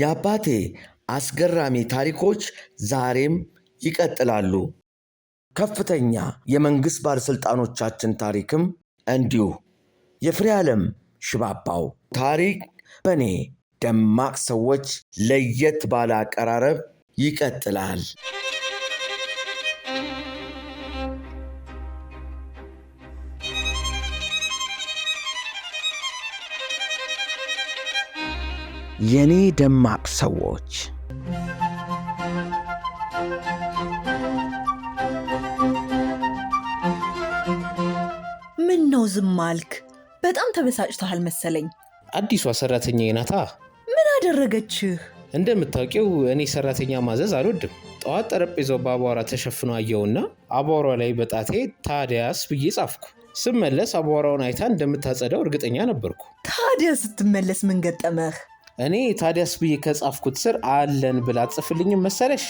የአባቴ አስገራሚ ታሪኮች ዛሬም ይቀጥላሉ። ከፍተኛ የመንግሥት ባለሥልጣኖቻችን ታሪክም እንዲሁ። የፍሬ ዓለም ሽባባው ታሪክ በእኔ ደማቅ ሰዎች ለየት ባለ አቀራረብ ይቀጥላል። የኔ ደማቅ ሰዎች ምን ነው ዝም አልክ? በጣም ተበሳጭተሃል መሰለኝ። አዲሷ ሰራተኛ ናታ። ምን አደረገችህ? እንደምታውቂው እኔ ሰራተኛ ማዘዝ አልወድም። ጠዋት ጠረጴዛው በአቧራ ተሸፍኖ አየውና አቧራ ላይ በጣቴ ታዲያስ ብዬ ጻፍኩ። ስመለስ አቧራውን አይታ እንደምታጸዳው እርግጠኛ ነበርኩ። ታዲያ ስትመለስ ምን ገጠመህ? እኔ ታዲያስ ብዬ ከጻፍኩት ስር አለን ብላ ጽፍልኝም መሰለሽ?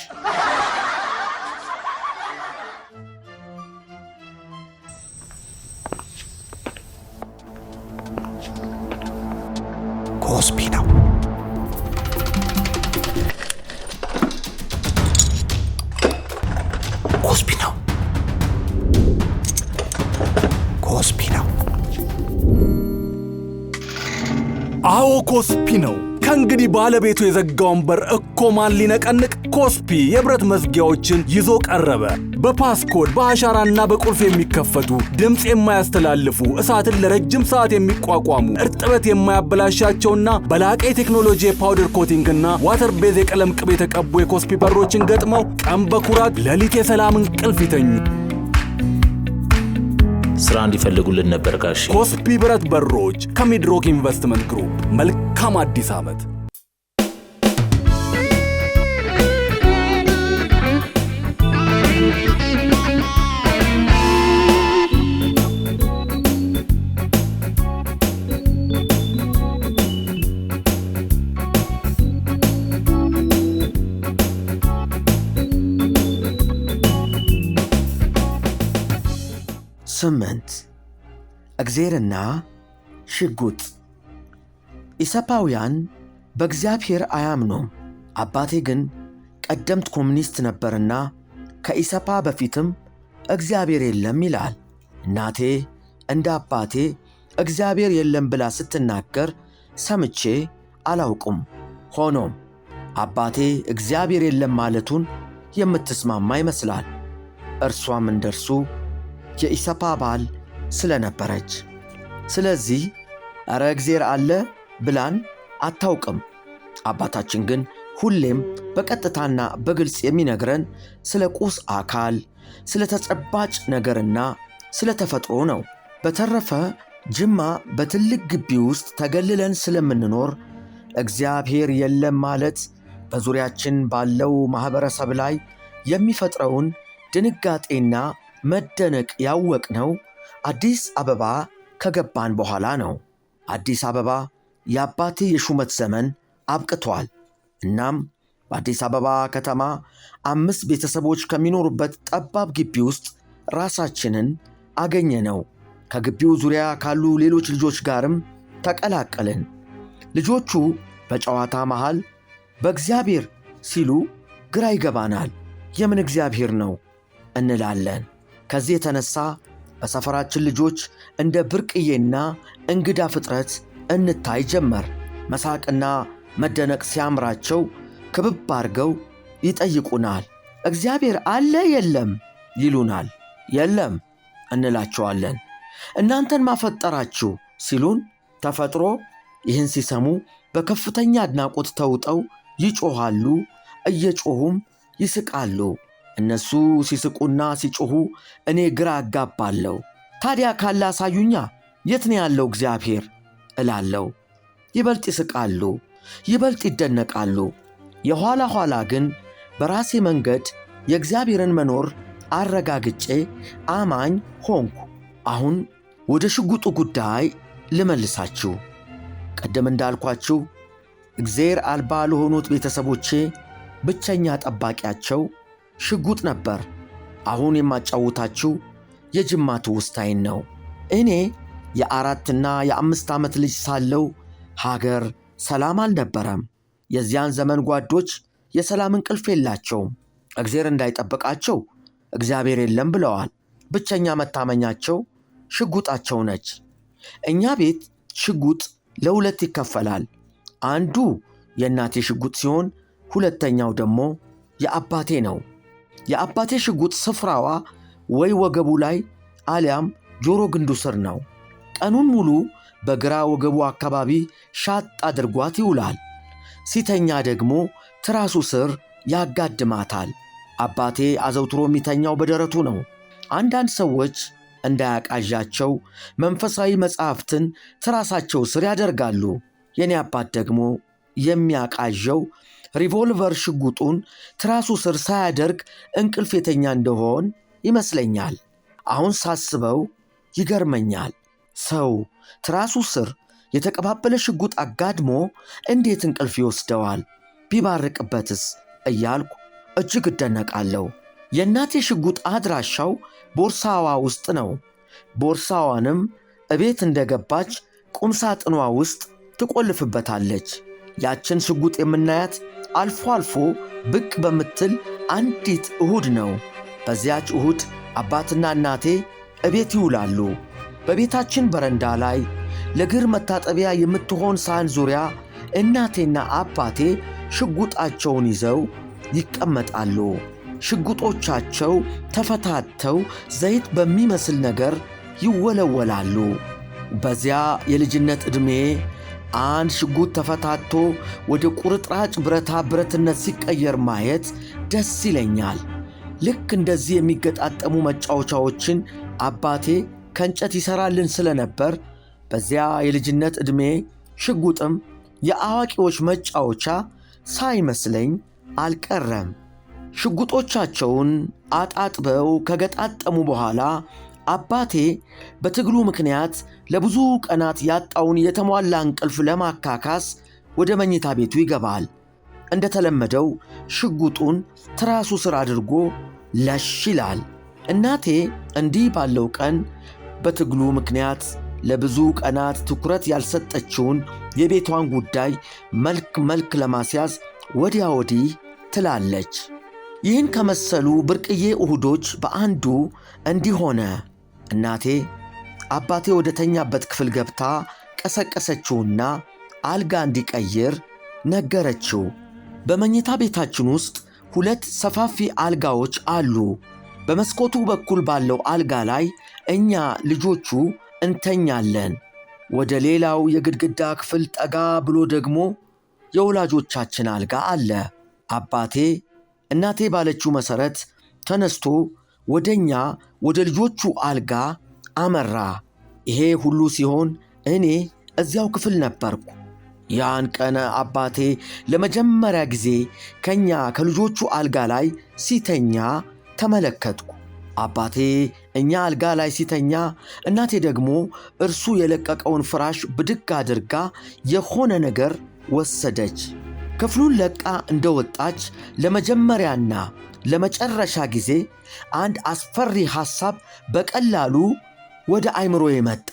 ኮስፒ ነው። ኮስፒ ነው። ኮስፒ ነው። አዎ ኮስፒ ነው። ከእንግዲህ ባለቤቱ የዘጋውን በር እኮ ማን ሊነቀንቅ? ኮስፒ የብረት መዝጊያዎችን ይዞ ቀረበ። በፓስኮድ በአሻራና በቁልፍ የሚከፈቱ ድምፅ የማያስተላልፉ እሳትን ለረጅም ሰዓት የሚቋቋሙ እርጥበት የማያበላሻቸውና በላቀ የቴክኖሎጂ የፓውደር ኮቲንግና ዋተር ቤዝ የቀለም ቅብ የተቀቡ የኮስፒ በሮችን ገጥመው ቀን በኩራት ሌሊት የሰላም እንቅልፍ ይተኙ። ስራ እንዲፈልጉልን ነበር ጋሽ ኮስፒ ብረት በሮች ከሚድሮክ ኢንቨስትመንት ግሩፕ መልካም አዲስ ዓመት ስምንት እግዜርና ሽጉጥ ኢሰፓውያን በእግዚአብሔር አያምኑም። አባቴ ግን ቀደምት ኮሚኒስት ነበርና ከኢሰፓ በፊትም እግዚአብሔር የለም ይላል። እናቴ እንደ አባቴ እግዚአብሔር የለም ብላ ስትናገር ሰምቼ አላውቁም። ሆኖም አባቴ እግዚአብሔር የለም ማለቱን የምትስማማ ይመስላል። እርሷም እንደርሱ የኢሰፓ አባል ስለነበረች። ስለዚህ እረ እግዜር አለ ብላን አታውቅም። አባታችን ግን ሁሌም በቀጥታና በግልጽ የሚነግረን ስለ ቁስ አካል፣ ስለ ተጨባጭ ነገርና ስለ ተፈጥሮ ነው። በተረፈ ጅማ በትልቅ ግቢ ውስጥ ተገልለን ስለምንኖር እግዚአብሔር የለም ማለት በዙሪያችን ባለው ማኅበረሰብ ላይ የሚፈጥረውን ድንጋጤና መደነቅ ያወቅነው አዲስ አበባ ከገባን በኋላ ነው። አዲስ አበባ የአባቴ የሹመት ዘመን አብቅቷል። እናም በአዲስ አበባ ከተማ አምስት ቤተሰቦች ከሚኖሩበት ጠባብ ግቢ ውስጥ ራሳችንን አገኘነው። ከግቢው ዙሪያ ካሉ ሌሎች ልጆች ጋርም ተቀላቀልን። ልጆቹ በጨዋታ መሃል በእግዚአብሔር ሲሉ ግራ ይገባናል። የምን እግዚአብሔር ነው እንላለን። ከዚህ የተነሳ በሰፈራችን ልጆች እንደ ብርቅዬና እንግዳ ፍጥረት እንታይ ጀመር። መሳቅና መደነቅ ሲያምራቸው ክብብ አድርገው ይጠይቁናል። እግዚአብሔር አለ የለም ይሉናል። የለም እንላቸዋለን። እናንተን ማፈጠራችሁ ሲሉን ተፈጥሮ ይህን ሲሰሙ በከፍተኛ አድናቆት ተውጠው ይጮኋሉ። እየጮኹም ይስቃሉ። እነሱ ሲስቁና ሲጮኹ እኔ ግራ አጋባለሁ። ታዲያ ካለ አሳዩኛ፣ የት ነው ያለው እግዚአብሔር እላለሁ። ይበልጥ ይስቃሉ፣ ይበልጥ ይደነቃሉ። የኋላ ኋላ ግን በራሴ መንገድ የእግዚአብሔርን መኖር አረጋግጬ አማኝ ሆንኩ። አሁን ወደ ሽጉጡ ጉዳይ ልመልሳችሁ። ቀደም እንዳልኳችሁ እግዜር አልባ ለሆኑት ቤተሰቦቼ ብቸኛ ጠባቂያቸው ሽጉጥ ነበር። አሁን የማጫወታችሁ የጅማ ትውስታዬን ነው። እኔ የአራትና የአምስት ዓመት ልጅ ሳለው ሀገር ሰላም አልነበረም። የዚያን ዘመን ጓዶች የሰላም እንቅልፍ የላቸውም። እግዜር እንዳይጠብቃቸው እግዚአብሔር የለም ብለዋል። ብቸኛ መታመኛቸው ሽጉጣቸው ነች። እኛ ቤት ሽጉጥ ለሁለት ይከፈላል። አንዱ የእናቴ ሽጉጥ ሲሆን ሁለተኛው ደግሞ የአባቴ ነው። የአባቴ ሽጉጥ ስፍራዋ ወይ ወገቡ ላይ አሊያም ጆሮ ግንዱ ስር ነው። ቀኑን ሙሉ በግራ ወገቡ አካባቢ ሻጥ አድርጓት ይውላል። ሲተኛ ደግሞ ትራሱ ስር ያጋድማታል። አባቴ አዘውትሮ የሚተኛው በደረቱ ነው። አንዳንድ ሰዎች እንዳያቃዣቸው መንፈሳዊ መጻሕፍትን ትራሳቸው ስር ያደርጋሉ። የኔ አባት ደግሞ የሚያቃዣው ሪቮልቨር ሽጉጡን ትራሱ ስር ሳያደርግ እንቅልፍ የተኛ እንደሆን ይመስለኛል። አሁን ሳስበው ይገርመኛል። ሰው ትራሱ ስር የተቀባበለ ሽጉጥ አጋድሞ እንዴት እንቅልፍ ይወስደዋል? ቢባርቅበትስ እያልኩ እጅግ እደነቃለሁ። የእናቴ ሽጉጥ አድራሻው ቦርሳዋ ውስጥ ነው። ቦርሳዋንም እቤት እንደገባች ቁምሳጥኗ ውስጥ ትቆልፍበታለች። ያችን ሽጉጥ የምናያት አልፎ አልፎ ብቅ በምትል አንዲት እሁድ ነው። በዚያች እሁድ አባትና እናቴ እቤት ይውላሉ። በቤታችን በረንዳ ላይ ለእግር መታጠቢያ የምትሆን ሳህን ዙሪያ እናቴና አባቴ ሽጉጣቸውን ይዘው ይቀመጣሉ። ሽጉጦቻቸው ተፈታተው ዘይት በሚመስል ነገር ይወለወላሉ። በዚያ የልጅነት ዕድሜ አንድ ሽጉጥ ተፈታቶ ወደ ቁርጥራጭ ብረታ ብረትነት ሲቀየር ማየት ደስ ይለኛል። ልክ እንደዚህ የሚገጣጠሙ መጫወቻዎችን አባቴ ከእንጨት ይሠራልን ስለነበር በዚያ የልጅነት ዕድሜ ሽጉጥም የአዋቂዎች መጫወቻ ሳይመስለኝ አልቀረም። ሽጉጦቻቸውን አጣጥበው ከገጣጠሙ በኋላ አባቴ በትግሉ ምክንያት ለብዙ ቀናት ያጣውን የተሟላ እንቅልፍ ለማካካስ ወደ መኝታ ቤቱ ይገባል። እንደተለመደው ሽጉጡን ትራሱ ስር አድርጎ ለሽ ይላል። እናቴ እንዲህ ባለው ቀን በትግሉ ምክንያት ለብዙ ቀናት ትኩረት ያልሰጠችውን የቤቷን ጉዳይ መልክ መልክ ለማስያዝ ወዲያ ወዲህ ትላለች። ይህን ከመሰሉ ብርቅዬ እሁዶች በአንዱ እንዲህ ሆነ። እናቴ አባቴ ወደ ተኛበት ክፍል ገብታ ቀሰቀሰችውና አልጋ እንዲቀይር ነገረችው። በመኝታ ቤታችን ውስጥ ሁለት ሰፋፊ አልጋዎች አሉ። በመስኮቱ በኩል ባለው አልጋ ላይ እኛ ልጆቹ እንተኛለን። ወደ ሌላው የግድግዳ ክፍል ጠጋ ብሎ ደግሞ የወላጆቻችን አልጋ አለ። አባቴ እናቴ ባለችው መሠረት ተነስቶ ወደኛ ወደ ልጆቹ አልጋ አመራ። ይሄ ሁሉ ሲሆን እኔ እዚያው ክፍል ነበርኩ። ያን ቀነ አባቴ ለመጀመሪያ ጊዜ ከኛ ከልጆቹ አልጋ ላይ ሲተኛ ተመለከትኩ። አባቴ እኛ አልጋ ላይ ሲተኛ፣ እናቴ ደግሞ እርሱ የለቀቀውን ፍራሽ ብድግ አድርጋ የሆነ ነገር ወሰደች። ክፍሉን ለቃ እንደወጣች ለመጀመሪያና ለመጨረሻ ጊዜ አንድ አስፈሪ ሐሳብ በቀላሉ ወደ አይምሮ የመጣ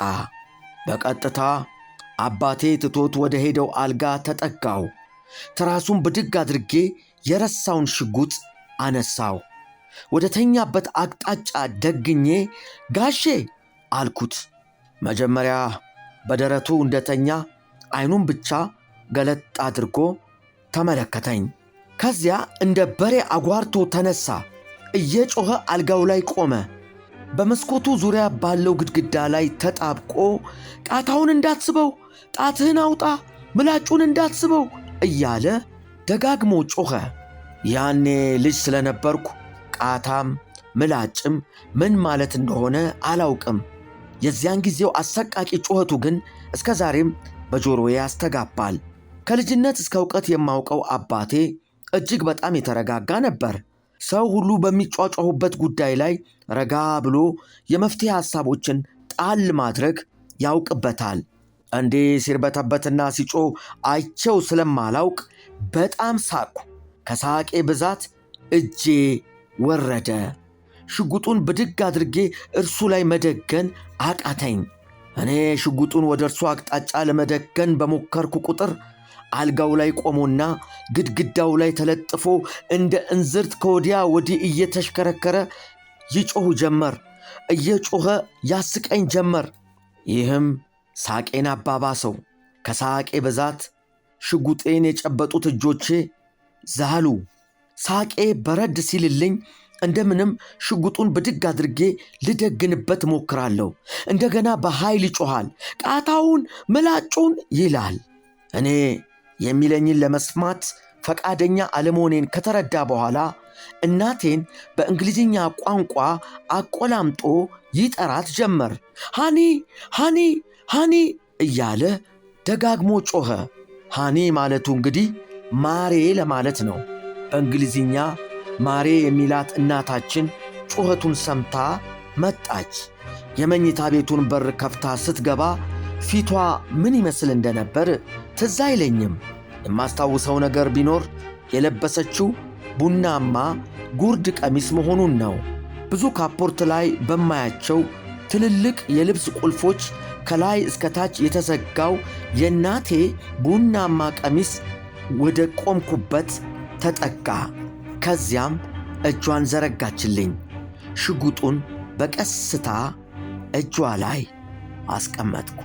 በቀጥታ አባቴ ትቶት ወደ ሄደው አልጋ ተጠጋው። ትራሱን ብድግ አድርጌ የረሳውን ሽጉጥ አነሳው። ወደ ተኛበት አቅጣጫ ደግኜ ጋሼ አልኩት። መጀመሪያ በደረቱ እንደተኛ አይኑን ብቻ ገለጥ አድርጎ ተመለከተኝ። ከዚያ እንደ በሬ አጓርቶ ተነሳ፣ እየጮኸ አልጋው ላይ ቆመ። በመስኮቱ ዙሪያ ባለው ግድግዳ ላይ ተጣብቆ ጣታውን እንዳትስበው፣ ጣትህን አውጣ፣ ምላጩን እንዳትስበው እያለ ደጋግሞ ጮኸ። ያኔ ልጅ ስለነበርኩ ቃታም ምላጭም ምን ማለት እንደሆነ አላውቅም። የዚያን ጊዜው አሰቃቂ ጩኸቱ ግን እስከ ዛሬም በጆሮዬ ያስተጋባል። ከልጅነት እስከ እውቀት የማውቀው አባቴ እጅግ በጣም የተረጋጋ ነበር። ሰው ሁሉ በሚጫጫሁበት ጉዳይ ላይ ረጋ ብሎ የመፍትሄ ሐሳቦችን ጣል ማድረግ ያውቅበታል። እንዴ ሲርበተበትና ሲጮህ አይቼው ስለማላውቅ በጣም ሳቅኩ። ከሳቄ ብዛት እጄ ወረደ። ሽጉጡን ብድግ አድርጌ እርሱ ላይ መደገን አቃተኝ። እኔ ሽጉጡን ወደ እርሱ አቅጣጫ ለመደገን በሞከርኩ ቁጥር አልጋው ላይ ቆሞና ግድግዳው ላይ ተለጥፎ እንደ እንዝርት ከወዲያ ወዲህ እየተሽከረከረ ይጮህ ጀመር። እየጮኸ ያስቀኝ ጀመር። ይህም ሳቄን አባባሰው። ከሳቄ በዛት ሽጉጤን የጨበጡት እጆቼ ዛሉ። ሳቄ በረድ ሲልልኝ እንደምንም ሽጉጡን ብድግ አድርጌ ልደግንበት ሞክራለሁ። እንደገና በኃይል ይጮኋል። ቃታውን፣ ምላጩን ይላል። እኔ የሚለኝን ለመስማት ፈቃደኛ አለመሆኔን ከተረዳ በኋላ እናቴን በእንግሊዝኛ ቋንቋ አቆላምጦ ይጠራት ጀመር። ሃኒ ሃኒ ሃኒ እያለ ደጋግሞ ጮኸ። ሃኒ ማለቱ እንግዲህ ማሬ ለማለት ነው። በእንግሊዝኛ ማሬ የሚላት እናታችን ጩኸቱን ሰምታ መጣች። የመኝታ ቤቱን በር ከፍታ ስትገባ ፊቷ ምን ይመስል እንደነበር ትዝ አይለኝም። የማስታውሰው ነገር ቢኖር የለበሰችው ቡናማ ጉርድ ቀሚስ መሆኑን ነው። ብዙ ካፖርት ላይ በማያቸው ትልልቅ የልብስ ቁልፎች ከላይ እስከ ታች የተዘጋው የእናቴ ቡናማ ቀሚስ ወደ ቆምኩበት ተጠጋ። ከዚያም እጇን ዘረጋችልኝ። ሽጉጡን በቀስታ እጇ ላይ አስቀመጥኩ።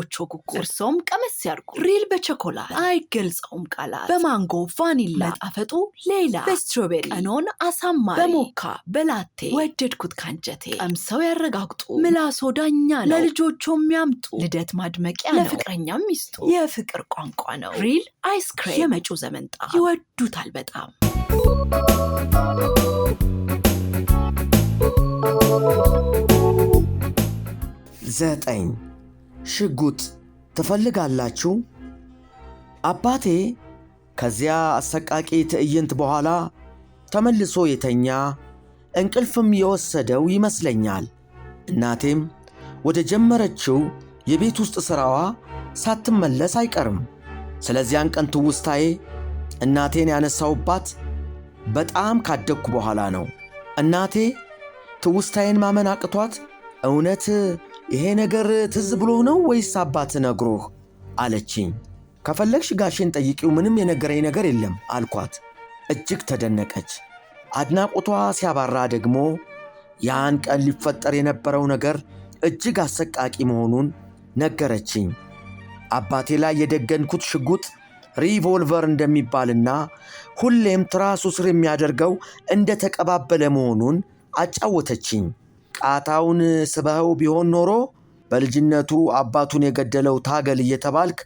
ልጆቹ እርሶም ቀመስ ያድርጉ ሪል በቸኮላት አይገልጸውም ቃላት። በማንጎ ቫኒላ መጣፈጡ ሌላ በስትሮቤሪ ቀኖን አሳማሪ በሞካ በላቴ ወደድኩት ካንጀቴ። ቀምሰው ያረጋግጡ ምላሶ ዳኛ ነው። ለልጆቹ የሚያምጡ ልደት ማድመቂያ ነው። ለፍቅረኛም ሚስጡ የፍቅር ቋንቋ ነው። ሪል አይስክሬም የመጪው ጣ ይወዱታል በጣም። ዘጠኝ ሽጉጥ ትፈልጋላችሁ? አባቴ ከዚያ አሰቃቂ ትዕይንት በኋላ ተመልሶ የተኛ እንቅልፍም የወሰደው ይመስለኛል። እናቴም ወደ ጀመረችው የቤት ውስጥ ሥራዋ ሳትመለስ አይቀርም። ስለዚያን ቀን ትውስታዬ እናቴን ያነሳውባት በጣም ካደግኩ በኋላ ነው። እናቴ ትውስታዬን ማመን አቅቷት እውነት ይሄ ነገር ትዝ ብሎ ነው ወይስ አባት ነግሮህ አለችኝ። ከፈለግሽ ጋሼን ጠይቂው፣ ምንም የነገረኝ ነገር የለም አልኳት። እጅግ ተደነቀች። አድናቆቷ ሲያባራ ደግሞ ያን ቀን ሊፈጠር የነበረው ነገር እጅግ አሰቃቂ መሆኑን ነገረችኝ። አባቴ ላይ የደገንኩት ሽጉጥ ሪቮልቨር እንደሚባልና ሁሌም ትራሱ ስር የሚያደርገው እንደተቀባበለ መሆኑን አጫወተችኝ። ቃታውን ስበኸው ቢሆን ኖሮ በልጅነቱ አባቱን የገደለው ታገል እየተባልክ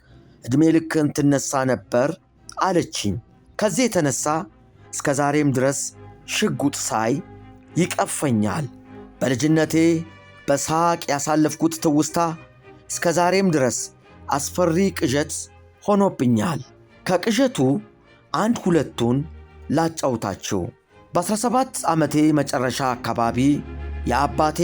ዕድሜ ልክን ትነሳ ነበር አለችኝ። ከዚህ የተነሳ እስከ ዛሬም ድረስ ሽጉጥ ሳይ ይቀፈኛል። በልጅነቴ በሳቅ ያሳለፍኩት ትውስታ እስከ ዛሬም ድረስ አስፈሪ ቅዠት ሆኖብኛል። ከቅዠቱ አንድ ሁለቱን ላጫውታችሁ። በ17 ዓመቴ መጨረሻ አካባቢ የአባቴ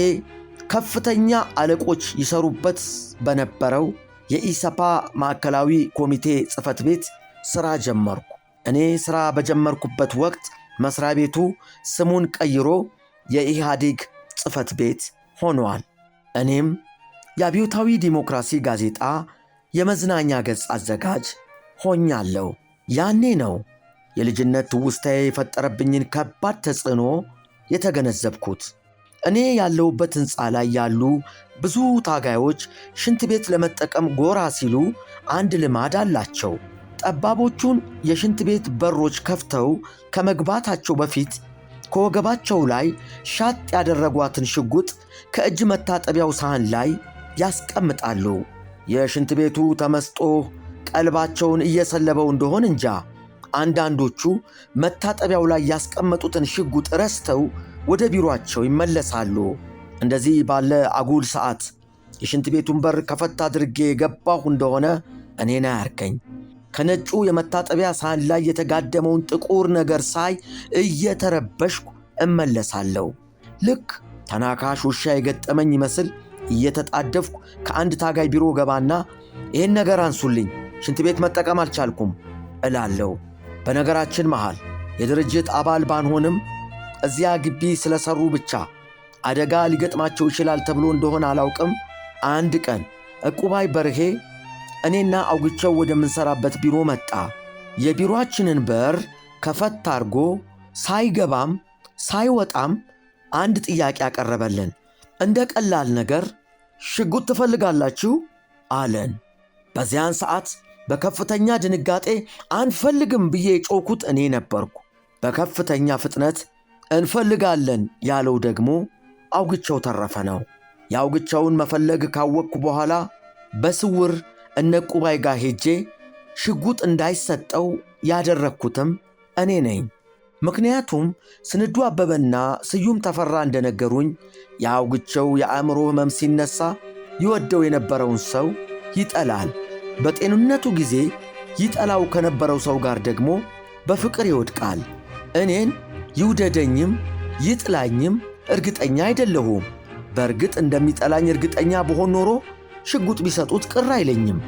ከፍተኛ አለቆች ይሰሩበት በነበረው የኢሰፓ ማዕከላዊ ኮሚቴ ጽፈት ቤት ሥራ ጀመርኩ። እኔ ሥራ በጀመርኩበት ወቅት መሥሪያ ቤቱ ስሙን ቀይሮ የኢህአዴግ ጽህፈት ቤት ሆኗል። እኔም የአብዮታዊ ዲሞክራሲ ጋዜጣ የመዝናኛ ገጽ አዘጋጅ ሆኛለሁ። ያኔ ነው የልጅነት ትውስታዬ የፈጠረብኝን ከባድ ተጽዕኖ የተገነዘብኩት። እኔ ያለሁበት ሕንፃ ላይ ያሉ ብዙ ታጋዮች ሽንት ቤት ለመጠቀም ጎራ ሲሉ አንድ ልማድ አላቸው። ጠባቦቹን የሽንት ቤት በሮች ከፍተው ከመግባታቸው በፊት ከወገባቸው ላይ ሻጥ ያደረጓትን ሽጉጥ ከእጅ መታጠቢያው ሳህን ላይ ያስቀምጣሉ። የሽንት ቤቱ ተመስጦ ቀልባቸውን እየሰለበው እንደሆን እንጃ፣ አንዳንዶቹ መታጠቢያው ላይ ያስቀመጡትን ሽጉጥ ረስተው ወደ ቢሮአቸው ይመለሳሉ። እንደዚህ ባለ አጉል ሰዓት የሽንት ቤቱን በር ከፈት አድርጌ የገባሁ እንደሆነ እኔን አያርከኝ። ከነጩ የመታጠቢያ ሳህን ላይ የተጋደመውን ጥቁር ነገር ሳይ እየተረበሽኩ እመለሳለሁ። ልክ ተናካሽ ውሻ የገጠመኝ ይመስል እየተጣደፍኩ ከአንድ ታጋይ ቢሮ ገባና ይህን ነገር አንሱልኝ፣ ሽንት ቤት መጠቀም አልቻልኩም እላለሁ። በነገራችን መሃል የድርጅት አባል ባንሆንም እዚያ ግቢ ስለሰሩ ብቻ አደጋ ሊገጥማቸው ይችላል ተብሎ እንደሆነ አላውቅም። አንድ ቀን ዕቁባይ በርሄ እኔና አውግቸው ወደምንሰራበት ቢሮ መጣ። የቢሮአችንን በር ከፈት አርጎ ሳይገባም ሳይወጣም አንድ ጥያቄ አቀረበልን። እንደ ቀላል ነገር ሽጉጥ ትፈልጋላችሁ አለን። በዚያን ሰዓት በከፍተኛ ድንጋጤ አንፈልግም ብዬ ጮኩት እኔ ነበርኩ። በከፍተኛ ፍጥነት እንፈልጋለን ያለው ደግሞ አውግቸው ተረፈ ነው። የአውግቸውን መፈለግ ካወቅኩ በኋላ በስውር እነ ቁባይ ጋር ሄጄ ሽጉጥ እንዳይሰጠው ያደረግኩትም እኔ ነኝ። ምክንያቱም ስንዱ አበበና ስዩም ተፈራ እንደነገሩኝ የአውግቸው የአእምሮ ሕመም ሲነሳ ይወደው የነበረውን ሰው ይጠላል። በጤንነቱ ጊዜ ይጠላው ከነበረው ሰው ጋር ደግሞ በፍቅር ይወድቃል። እኔን ይውደደኝም ይጥላኝም እርግጠኛ አይደለሁም። በእርግጥ እንደሚጠላኝ እርግጠኛ ብሆን ኖሮ ሽጉጥ ቢሰጡት ቅር አይለኝም።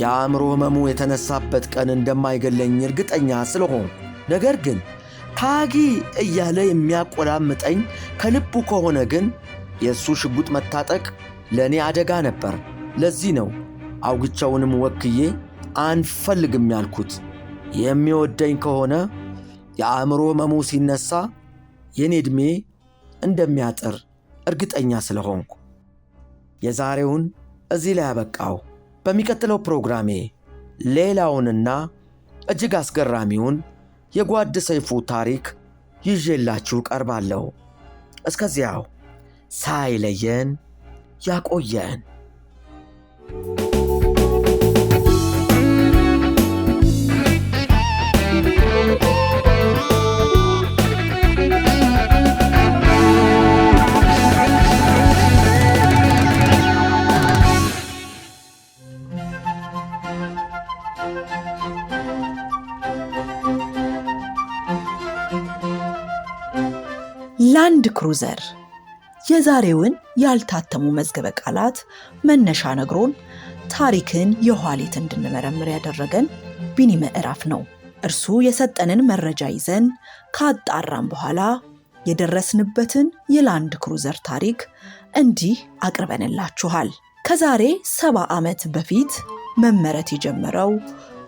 የአእምሮ ሕመሙ የተነሳበት ቀን እንደማይገለኝ እርግጠኛ ስለሆን፣ ነገር ግን ታጊ እያለ የሚያቆላምጠኝ ከልቡ ከሆነ ግን የእሱ ሽጉጥ መታጠቅ ለእኔ አደጋ ነበር። ለዚህ ነው አውግቻውንም ወክዬ አንፈልግም ያልኩት። የሚወደኝ ከሆነ የአእምሮ መሙ ሲነሳ የኔ ዕድሜ እንደሚያጥር እርግጠኛ ስለሆንኩ የዛሬውን እዚህ ላይ ያበቃው። በሚቀጥለው ፕሮግራሜ ሌላውንና እጅግ አስገራሚውን የጓድ ሰይፉ ታሪክ ይዤላችሁ ቀርባለሁ። እስከዚያው ሳይለየን ያቆየን። ክሩዘር የዛሬውን ያልታተሙ መዝገበ ቃላት መነሻ ነግሮን ታሪክን የኋሊት እንድንመረምር ያደረገን ቢኒ ምዕራፍ ነው። እርሱ የሰጠንን መረጃ ይዘን ካጣራም በኋላ የደረስንበትን የላንድ ክሩዘር ታሪክ እንዲህ አቅርበንላችኋል። ከዛሬ ሰባ ዓመት በፊት መመረት የጀመረው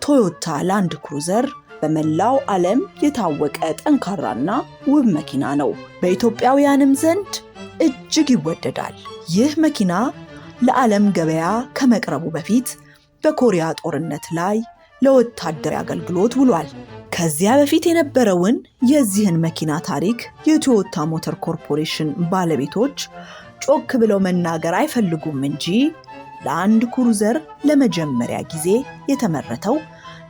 ቶዮታ ላንድ ክሩዘር በመላው ዓለም የታወቀ ጠንካራና ውብ መኪና ነው። በኢትዮጵያውያንም ዘንድ እጅግ ይወደዳል። ይህ መኪና ለዓለም ገበያ ከመቅረቡ በፊት በኮሪያ ጦርነት ላይ ለወታደር አገልግሎት ውሏል። ከዚያ በፊት የነበረውን የዚህን መኪና ታሪክ የቶዮታ ሞተር ኮርፖሬሽን ባለቤቶች ጮክ ብለው መናገር አይፈልጉም እንጂ ለአንድ ክሩዘር ለመጀመሪያ ጊዜ የተመረተው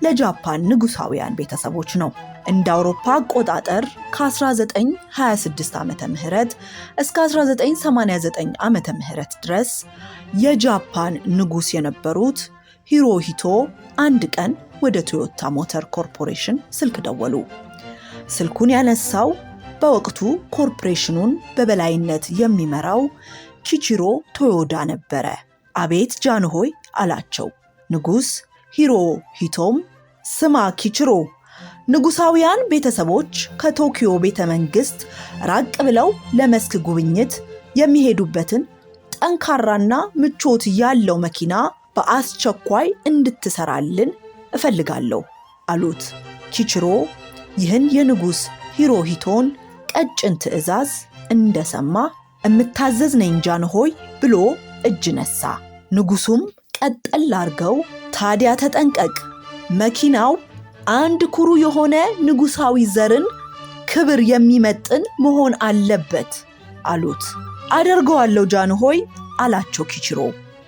ለጃፓን ንጉሳውያን ቤተሰቦች ነው። እንደ አውሮፓ አቆጣጠር ከ1926 ዓ ም እስከ 1989 ዓ ምህረት ድረስ የጃፓን ንጉስ የነበሩት ሂሮሂቶ አንድ ቀን ወደ ቶዮታ ሞተር ኮርፖሬሽን ስልክ ደወሉ። ስልኩን ያነሳው በወቅቱ ኮርፖሬሽኑን በበላይነት የሚመራው ኪቺሮ ቶዮዳ ነበረ። አቤት ጃንሆይ አላቸው። ንጉስ ሂቶም ስማ ኪችሮ ንጉሳውያን ቤተሰቦች ከቶኪዮ ቤተ መንግስት ራቅ ብለው ለመስክ ጉብኝት የሚሄዱበትን ጠንካራና ምቾት ያለው መኪና በአስቸኳይ እንድትሰራልን እፈልጋለሁ አሉት። ኪችሮ ይህን የንጉሥ ሂሮሂቶን ቀጭን ትዕዛዝ እንደሰማ እምታዘዝ ነኝ ጃንሆይ ብሎ እጅ ነሳ። ንጉሱም ቀጠል አርገው ታዲያ ተጠንቀቅ፣ መኪናው አንድ ኩሩ የሆነ ንጉሳዊ ዘርን ክብር የሚመጥን መሆን አለበት አሉት። አደርገዋለሁ ጃንሆይ አላቸው ኪችሮ።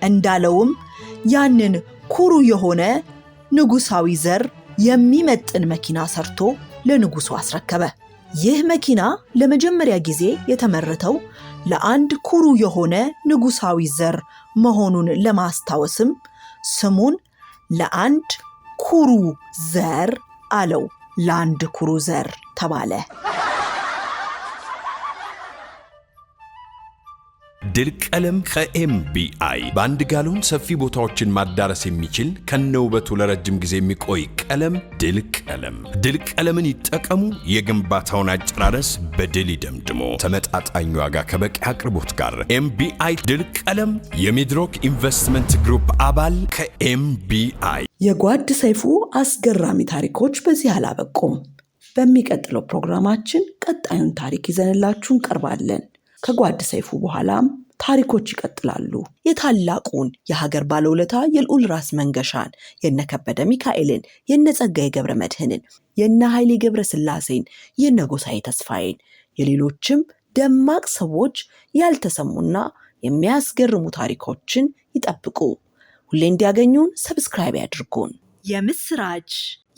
እንዳለውም ያንን ኩሩ የሆነ ንጉሳዊ ዘር የሚመጥን መኪና ሰርቶ ለንጉሱ አስረከበ። ይህ መኪና ለመጀመሪያ ጊዜ የተመረተው ለአንድ ኩሩ የሆነ ንጉሳዊ ዘር መሆኑን ለማስታወስም ስሙን ለአንድ ኩሩ ዘር አለው። ለአንድ ኩሩ ዘር ተባለ። ድል ቀለም ከኤምቢአይ በአንድ ጋሎን ሰፊ ቦታዎችን ማዳረስ የሚችል ከነውበቱ ለረጅም ጊዜ የሚቆይ ቀለም ድል ቀለም። ድል ቀለምን ይጠቀሙ። የግንባታውን አጨራረስ በድል ይደምድሞ። ተመጣጣኝ ዋጋ ከበቂ አቅርቦት ጋር ኤምቢአይ ድል ቀለም የሚድሮክ ኢንቨስትመንት ግሩፕ አባል ከኤምቢአይ። የጓድ ሰይፉ አስገራሚ ታሪኮች በዚህ አላበቁም። በሚቀጥለው ፕሮግራማችን ቀጣዩን ታሪክ ይዘንላችሁ እንቀርባለን። ከጓድ ሰይፉ በኋላም ታሪኮች ይቀጥላሉ። የታላቁን የሀገር ባለውለታ የልዑል ራስ መንገሻን፣ የነከበደ ሚካኤልን፣ የነጸጋ የገብረ መድህንን፣ የነ ኃይሌ ገብረ ስላሴን፣ የነ ጎሳዬ ተስፋዬን፣ የሌሎችም ደማቅ ሰዎች ያልተሰሙና የሚያስገርሙ ታሪኮችን ይጠብቁ። ሁሌ እንዲያገኙን ሰብስክራይብ ያድርጉን። የምስራች